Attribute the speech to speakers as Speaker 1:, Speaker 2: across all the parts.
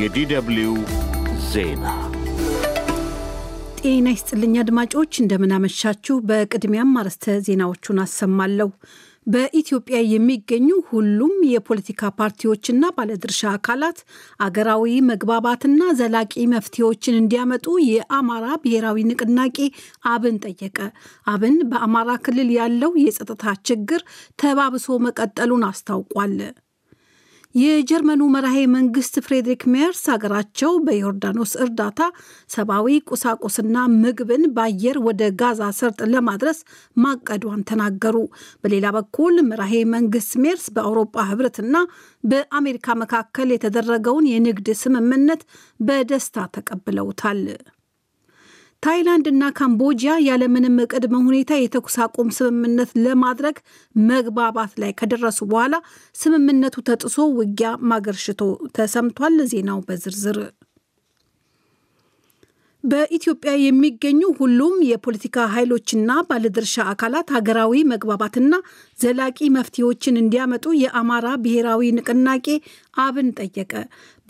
Speaker 1: የዲደብልዩ ዜና
Speaker 2: ጤና ይስጥልኝ አድማጮች፣ እንደምናመሻችሁ። በቅድሚያም አርስተ ዜናዎቹን አሰማለሁ። በኢትዮጵያ የሚገኙ ሁሉም የፖለቲካ ፓርቲዎችና ባለድርሻ አካላት አገራዊ መግባባትና ዘላቂ መፍትሄዎችን እንዲያመጡ የአማራ ብሔራዊ ንቅናቄ አብን ጠየቀ። አብን በአማራ ክልል ያለው የጸጥታ ችግር ተባብሶ መቀጠሉን አስታውቋል። የጀርመኑ መራሄ መንግስት ፍሬድሪክ ሜርስ ሀገራቸው በዮርዳኖስ እርዳታ ሰብአዊ ቁሳቁስና ምግብን በአየር ወደ ጋዛ ሰርጥ ለማድረስ ማቀዷን ተናገሩ። በሌላ በኩል መራሄ መንግስት ሜርስ በአውሮፓ ህብረትና በአሜሪካ መካከል የተደረገውን የንግድ ስምምነት በደስታ ተቀብለውታል። እና ካምቦጂያ ያለምንም ቅድመ ሁኔታ የተኩስ አቁም ስምምነት ለማድረግ መግባባት ላይ ከደረሱ በኋላ ስምምነቱ ተጥሶ ውጊያ ማገርሽቶ ተሰምቷል። ዜናው በዝርዝር በኢትዮጵያ የሚገኙ ሁሉም የፖለቲካ ኃይሎችና ባለድርሻ አካላት ሀገራዊ መግባባትና ዘላቂ መፍትሄዎችን እንዲያመጡ የአማራ ብሔራዊ ንቅናቄ አብን ጠየቀ።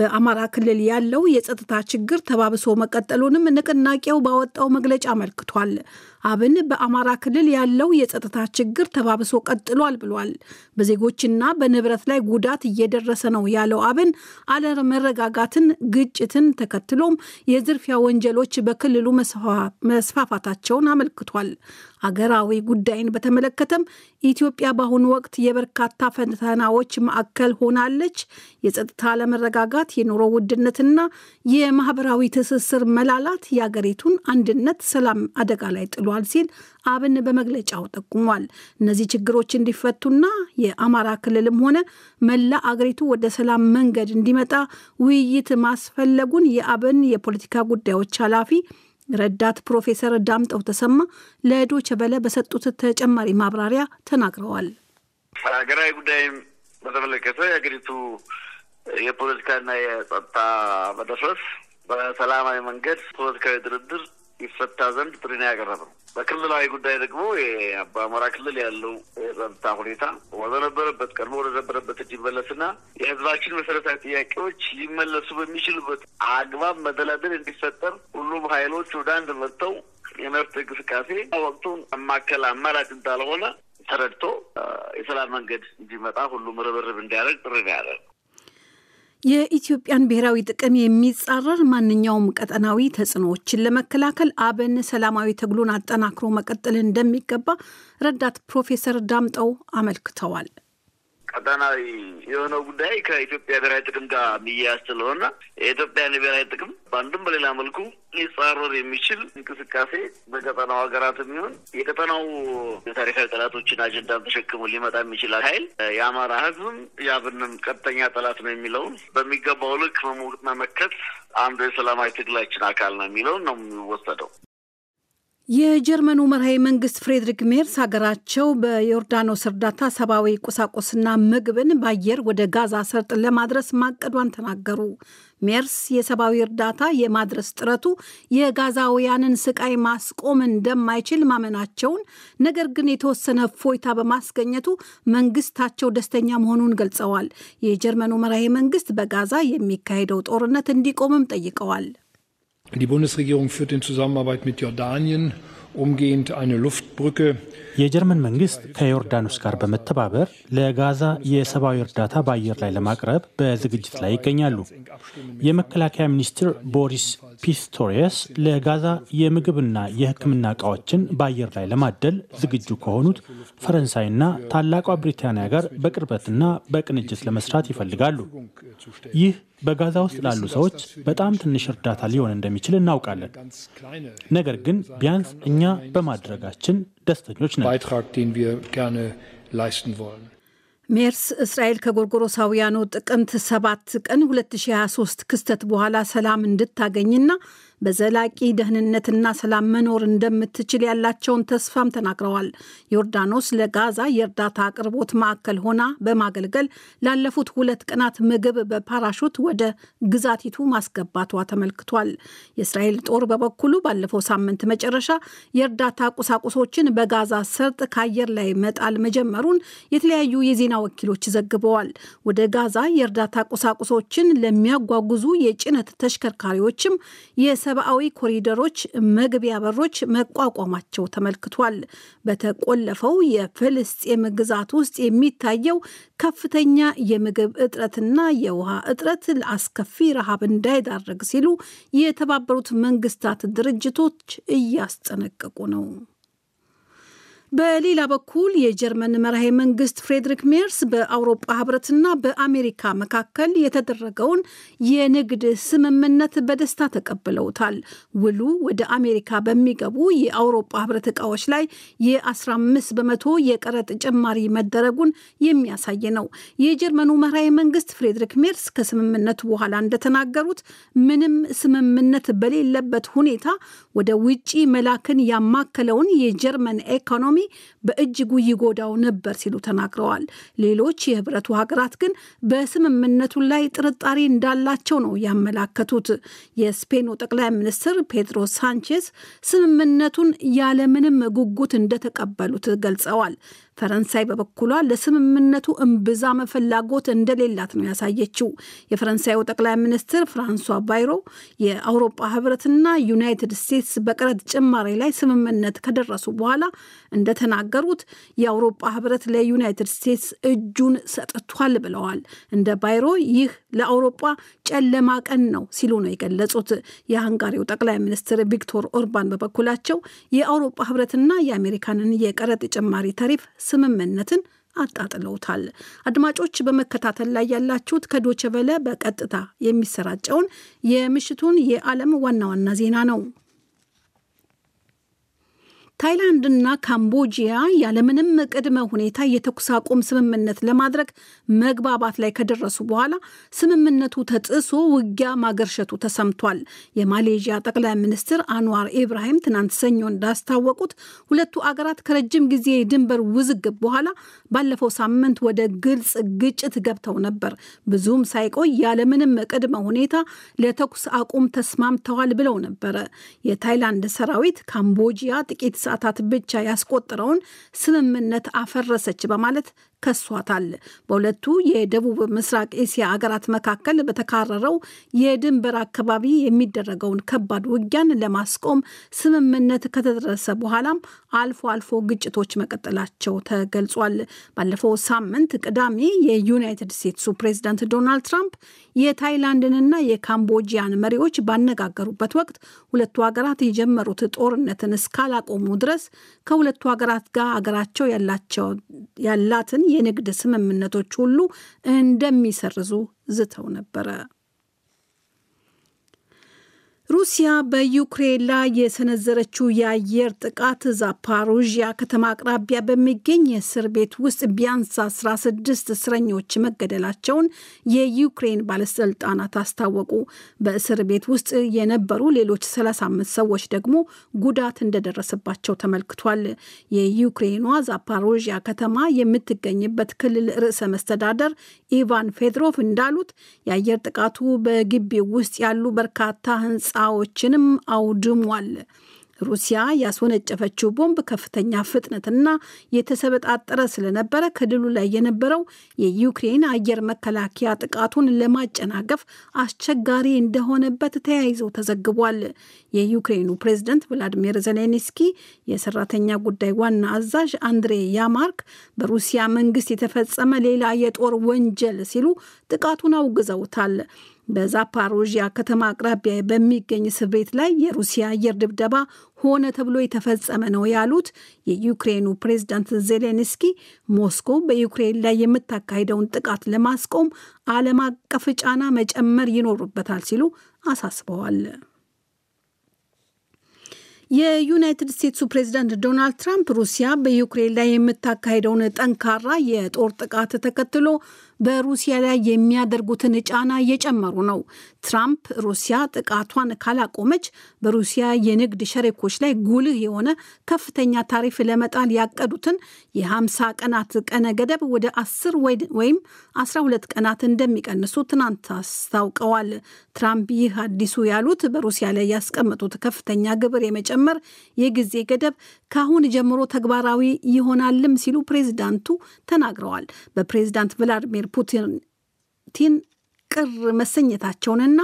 Speaker 2: በአማራ ክልል ያለው የጸጥታ ችግር ተባብሶ መቀጠሉንም ንቅናቄው ባወጣው መግለጫ አመልክቷል። አብን በአማራ ክልል ያለው የጸጥታ ችግር ተባብሶ ቀጥሏል ብሏል። በዜጎችና በንብረት ላይ ጉዳት እየደረሰ ነው ያለው አብን አለመረጋጋትን፣ ግጭትን ተከትሎም የዝርፊያ ወንጀሎች በክልሉ መስፋፋታቸውን አመልክቷል። አገራዊ ጉዳይን በተመለከተም ኢትዮጵያ በአሁኑ ወቅት የበርካታ ፈተናዎች ማዕከል ሆናለች። የጸጥታ አለመረጋጋት፣ የኑሮ ውድነትና የማህበራዊ ትስስር መላላት የአገሪቱን አንድነት፣ ሰላም አደጋ ላይ ጥሏል ሲል አብን በመግለጫው ጠቁሟል። እነዚህ ችግሮች እንዲፈቱና የአማራ ክልልም ሆነ መላ አገሪቱ ወደ ሰላም መንገድ እንዲመጣ ውይይት ማስፈለጉን የአብን የፖለቲካ ጉዳዮች ኃላፊ ረዳት ፕሮፌሰር ዳምጠው ተሰማ ለዶቼ ቬለ በሰጡት ተጨማሪ ማብራሪያ ተናግረዋል።
Speaker 1: ሀገራዊ ጉዳይም በተመለከተ የሀገሪቱ የፖለቲካና የጸጥታ መደፍረስ በሰላማዊ መንገድ ፖለቲካዊ ድርድር ይፈታ ዘንድ ያቀረብ ነው በክልላዊ ጉዳይ ደግሞ በአማራ ክልል ያለው የጸጥታ ሁኔታ ወደነበረበት ቀድሞ ወደነበረበት እንዲመለስና የህዝባችን መሰረታዊ ጥያቄዎች ሊመለሱ በሚችሉበት አግባብ መደላደል እንዲፈጠር ሁሉም ኃይሎች ወደ አንድ መጥተው የመርት እንቅስቃሴ ወቅቱን አማከል አማራጭ እንዳልሆነ ተረድቶ የሰላም መንገድ እንዲመጣ ሁሉም ርብርብ እንዲያደርግ ጥሪ ያደርግ
Speaker 2: የኢትዮጵያን ብሔራዊ ጥቅም የሚጻረር ማንኛውም ቀጠናዊ ተጽዕኖዎችን ለመከላከል አብን ሰላማዊ ትግሉን አጠናክሮ መቀጠል እንደሚገባ ረዳት ፕሮፌሰር ዳምጠው አመልክተዋል።
Speaker 1: ቀጠናዊ የሆነው ጉዳይ ከኢትዮጵያ ብሔራዊ ጥቅም ጋር የሚያያዝ ስለሆነ የኢትዮጵያን ብሔራዊ ጥቅም በአንድም በሌላ መልኩ ሊጻረር የሚችል እንቅስቃሴ በቀጠናው ሀገራት የሚሆን የቀጠናው የታሪካዊ ጠላቶችን አጀንዳን ተሸክሞ ሊመጣ የሚችል ኃይል የአማራ ሕዝብም የአብንም ቀጥተኛ ጠላት ነው የሚለውን በሚገባው ልክ መሞቅ መመከት አንዱ የሰላማዊ ትግላችን አካል ነው የሚለውን ነው የሚወሰደው።
Speaker 2: የጀርመኑ መርሃዊ መንግስት ፍሬድሪክ ሜርስ ሀገራቸው በዮርዳኖስ እርዳታ ሰብአዊ ቁሳቁስና ምግብን በአየር ወደ ጋዛ ሰርጥ ለማድረስ ማቀዷን ተናገሩ። ሜርስ የሰብአዊ እርዳታ የማድረስ ጥረቱ የጋዛውያንን ስቃይ ማስቆም እንደማይችል ማመናቸውን፣ ነገር ግን የተወሰነ እፎይታ በማስገኘቱ መንግስታቸው ደስተኛ መሆኑን ገልጸዋል። የጀርመኑ መርሃዊ መንግስት በጋዛ የሚካሄደው ጦርነት እንዲቆምም ጠይቀዋል። Die Bundesregierung führt in Zusammenarbeit mit Jordanien umgehend eine Luftbrücke.
Speaker 1: የጀርመን መንግስት ከዮርዳኖስ ጋር በመተባበር ለጋዛ የሰብአዊ እርዳታ በአየር ላይ ለማቅረብ በዝግጅት ላይ ይገኛሉ። የመከላከያ ሚኒስትር ቦሪስ ፒስቶሪየስ ለጋዛ የምግብና የሕክምና እቃዎችን በአየር ላይ ለማደል ዝግጁ ከሆኑት ፈረንሳይና ታላቋ ብሪታንያ ጋር በቅርበትና በቅንጅት ለመስራት ይፈልጋሉ። ይህ በጋዛ ውስጥ ላሉ ሰዎች በጣም ትንሽ እርዳታ ሊሆን እንደሚችል እናውቃለን። ነገር ግን ቢያንስ እኛ በማድረጋችን ደስተኞች ነን።
Speaker 2: ሜርስ እስራኤል ከጎርጎሮሳውያኑ ጥቅምት 7 ቀን 2023 ክስተት በኋላ ሰላም እንድታገኝና በዘላቂ ደህንነትና ሰላም መኖር እንደምትችል ያላቸውን ተስፋም ተናግረዋል። ዮርዳኖስ ለጋዛ የእርዳታ አቅርቦት ማዕከል ሆና በማገልገል ላለፉት ሁለት ቀናት ምግብ በፓራሹት ወደ ግዛቲቱ ማስገባቷ ተመልክቷል። የእስራኤል ጦር በበኩሉ ባለፈው ሳምንት መጨረሻ የእርዳታ ቁሳቁሶችን በጋዛ ሰርጥ ከአየር ላይ መጣል መጀመሩን የተለያዩ የዜና ወኪሎች ዘግበዋል። ወደ ጋዛ የእርዳታ ቁሳቁሶችን ለሚያጓጉዙ የጭነት ተሽከርካሪዎችም የሰ የሰብአዊ ኮሪደሮች መግቢያ በሮች መቋቋማቸው ተመልክቷል። በተቆለፈው የፍልስጤም ግዛት ውስጥ የሚታየው ከፍተኛ የምግብ እጥረትና የውሃ እጥረት ለአስከፊ ረሃብ እንዳይዳረግ ሲሉ የተባበሩት መንግስታት ድርጅቶች እያስጠነቀቁ ነው። በሌላ በኩል የጀርመን መራሄ መንግስት ፍሬድሪክ ሜርስ በአውሮፓ ህብረትና በአሜሪካ መካከል የተደረገውን የንግድ ስምምነት በደስታ ተቀብለውታል። ውሉ ወደ አሜሪካ በሚገቡ የአውሮፓ ህብረት እቃዎች ላይ የ15 በመቶ የቀረጥ ጭማሪ መደረጉን የሚያሳይ ነው። የጀርመኑ መራሄ መንግስት ፍሬድሪክ ሜርስ ከስምምነቱ በኋላ እንደተናገሩት ምንም ስምምነት በሌለበት ሁኔታ ወደ ውጪ መላክን ያማከለውን የጀርመን ኢኮኖሚ በእጅጉ ይጎዳው ነበር ሲሉ ተናግረዋል። ሌሎች የህብረቱ ሀገራት ግን በስምምነቱ ላይ ጥርጣሬ እንዳላቸው ነው ያመላከቱት። የስፔኑ ጠቅላይ ሚኒስትር ፔድሮ ሳንቼዝ ስምምነቱን ያለምንም ጉጉት እንደተቀበሉት ገልጸዋል። ፈረንሳይ በበኩሏ ለስምምነቱ እምብዛ መፈላጎት እንደሌላት ነው ያሳየችው። የፈረንሳዩ ጠቅላይ ሚኒስትር ፍራንሷ ባይሮ የአውሮፓ ህብረትና ዩናይትድ ስቴትስ በቀረጥ ጭማሪ ላይ ስምምነት ከደረሱ በኋላ እንደ እንደተናገሩት የአውሮፓ ህብረት ለዩናይትድ ስቴትስ እጁን ሰጥቷል ብለዋል። እንደ ባይሮ ይህ ለአውሮፓ ጨለማ ቀን ነው ሲሉ ነው የገለጹት። የሃንጋሪው ጠቅላይ ሚኒስትር ቪክቶር ኦርባን በበኩላቸው የአውሮፓ ህብረትና የአሜሪካንን የቀረጥ ጭማሪ ታሪፍ ስምምነትን አጣጥለውታል። አድማጮች በመከታተል ላይ ያላችሁት ከዶቸ በቀጥታ የሚሰራጨውን የምሽቱን የዓለም ዋና ዋና ዜና ነው። ታይላንድና ካምቦጂያ ያለምንም ቅድመ ሁኔታ የተኩስ አቁም ስምምነት ለማድረግ መግባባት ላይ ከደረሱ በኋላ ስምምነቱ ተጥሶ ውጊያ ማገርሸቱ ተሰምቷል። የማሌዥያ ጠቅላይ ሚኒስትር አንዋር ኢብራሂም ትናንት ሰኞ እንዳስታወቁት ሁለቱ አገራት ከረጅም ጊዜ የድንበር ውዝግብ በኋላ ባለፈው ሳምንት ወደ ግልጽ ግጭት ገብተው ነበር። ብዙም ሳይቆይ ያለምንም ቅድመ ሁኔታ ለተኩስ አቁም ተስማምተዋል ብለው ነበረ። የታይላንድ ሰራዊት ካምቦጂያ ጥቂት ሰዓታት ብቻ ያስቆጠረውን ስምምነት አፈረሰች በማለት ከሷታል። በሁለቱ የደቡብ ምስራቅ ኤስያ አገራት መካከል በተካረረው የድንበር አካባቢ የሚደረገውን ከባድ ውጊያን ለማስቆም ስምምነት ከተደረሰ በኋላም አልፎ አልፎ ግጭቶች መቀጠላቸው ተገልጿል። ባለፈው ሳምንት ቅዳሜ የዩናይትድ ስቴትሱ ፕሬዚዳንት ዶናልድ ትራምፕ የታይላንድንና የካምቦጂያን መሪዎች ባነጋገሩበት ወቅት ሁለቱ ሀገራት የጀመሩት ጦርነትን እስካላቆሙ ድረስ ከሁለቱ ሀገራት ጋር አገራቸው ያላትን የንግድ ስምምነቶች ሁሉ እንደሚሰርዙ ዝተው ነበረ። ሩሲያ በዩክሬን ላይ የሰነዘረችው የአየር ጥቃት ዛፓሮዥያ ከተማ አቅራቢያ በሚገኝ የእስር ቤት ውስጥ ቢያንስ 16 እስረኞች መገደላቸውን የዩክሬን ባለስልጣናት አስታወቁ። በእስር ቤት ውስጥ የነበሩ ሌሎች 35 ሰዎች ደግሞ ጉዳት እንደደረሰባቸው ተመልክቷል። የዩክሬኗ ዛፓሮዥያ ከተማ የምትገኝበት ክልል ርዕሰ መስተዳደር ኢቫን ፌድሮቭ እንዳሉት የአየር ጥቃቱ በግቢው ውስጥ ያሉ በርካታ ህንፃ ሕንፃዎችንም አውድሟል። ሩሲያ ያስወነጨፈችው ቦምብ ከፍተኛ ፍጥነትና የተሰበጣጠረ ስለነበረ ክልሉ ላይ የነበረው የዩክሬን አየር መከላከያ ጥቃቱን ለማጨናገፍ አስቸጋሪ እንደሆነበት ተያይዞ ተዘግቧል። የዩክሬኑ ፕሬዝደንት ቭላዲሚር ዜሌንስኪ የሰራተኛ ጉዳይ ዋና አዛዥ አንድሬ ያማርክ በሩሲያ መንግስት የተፈጸመ ሌላ የጦር ወንጀል ሲሉ ጥቃቱን አውግዘውታል። በዛፓሮዥያ ከተማ አቅራቢያ በሚገኝ እስር ቤት ላይ የሩሲያ አየር ድብደባ ሆነ ተብሎ የተፈጸመ ነው ያሉት የዩክሬኑ ፕሬዝዳንት ዜሌንስኪ ሞስኮ በዩክሬን ላይ የምታካሂደውን ጥቃት ለማስቆም ዓለም አቀፍ ጫና መጨመር ይኖሩበታል ሲሉ አሳስበዋል። የዩናይትድ ስቴትሱ ፕሬዚዳንት ዶናልድ ትራምፕ ሩሲያ በዩክሬን ላይ የምታካሄደውን ጠንካራ የጦር ጥቃት ተከትሎ በሩሲያ ላይ የሚያደርጉትን ጫና እየጨመሩ ነው። ትራምፕ ሩሲያ ጥቃቷን ካላቆመች በሩሲያ የንግድ ሸሪኮች ላይ ጉልህ የሆነ ከፍተኛ ታሪፍ ለመጣል ያቀዱትን የ50 ቀናት ቀነ ገደብ ወደ 10 ወይም 12 ቀናት እንደሚቀንሱ ትናንት አስታውቀዋል። ትራምፕ ይህ አዲሱ ያሉት በሩሲያ ላይ ያስቀመጡት ከፍተኛ ግብር የመጨመር የጊዜ ገደብ ከአሁን ጀምሮ ተግባራዊ ይሆናልም ሲሉ ፕሬዚዳንቱ ተናግረዋል። በፕሬዚዳንት ቭላድሚር ፑቲን ቅር መሰኘታቸውንና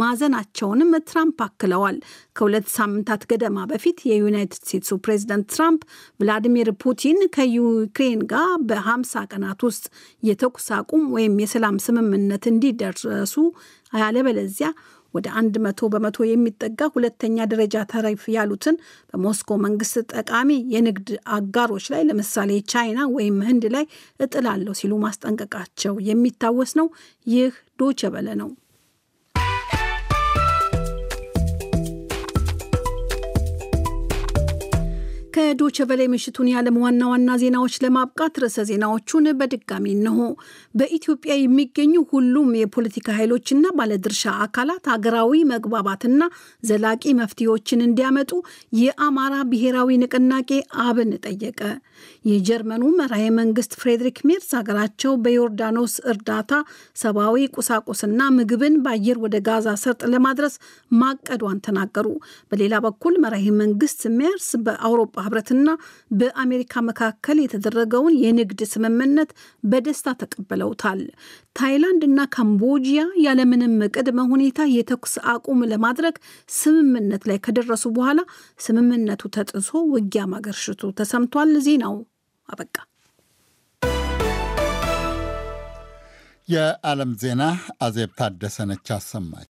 Speaker 2: ማዘናቸውንም ትራምፕ አክለዋል። ከሁለት ሳምንታት ገደማ በፊት የዩናይትድ ስቴትሱ ፕሬዚደንት ትራምፕ ቭላዲሚር ፑቲን ከዩክሬን ጋር በ50 ቀናት ውስጥ የተኩስ አቁም ወይም የሰላም ስምምነት እንዲደርሱ ያለበለዚያ ወደ አንድ መቶ በመቶ የሚጠጋ ሁለተኛ ደረጃ ተረፍ ያሉትን በሞስኮ መንግስት ጠቃሚ የንግድ አጋሮች ላይ ለምሳሌ ቻይና ወይም ህንድ ላይ እጥላለሁ ሲሉ ማስጠንቀቃቸው የሚታወስ ነው። ይህ ዶቸበለ ነው። ከዶቸ ቨለ ምሽቱን የዓለም ዋና ዋና ዜናዎች ለማብቃት ርዕሰ ዜናዎቹን በድጋሚ እንሆ። በኢትዮጵያ የሚገኙ ሁሉም የፖለቲካ ኃይሎችና ባለድርሻ አካላት ሀገራዊ መግባባትና ዘላቂ መፍትሄዎችን እንዲያመጡ የአማራ ብሔራዊ ንቅናቄ አብን ጠየቀ። የጀርመኑ መራሄ መንግስት ፍሬድሪክ ሜርስ ሀገራቸው በዮርዳኖስ እርዳታ ሰብአዊ ቁሳቁስና ምግብን በአየር ወደ ጋዛ ሰርጥ ለማድረስ ማቀዷን ተናገሩ። በሌላ በኩል መራሄ መንግስት ሜርስ በአውሮፓ ህብረትና በአሜሪካ መካከል የተደረገውን የንግድ ስምምነት በደስታ ተቀብለውታል። ታይላንድ እና ካምቦጂያ ያለምንም ቅድመ ሁኔታ የተኩስ አቁም ለማድረግ ስምምነት ላይ ከደረሱ በኋላ ስምምነቱ ተጥሶ ውጊያ ማገርሽቱ ተሰምቷል። ዜናው አበቃ።
Speaker 1: የዓለም ዜና አዜብ ታደሰነች አሰማች።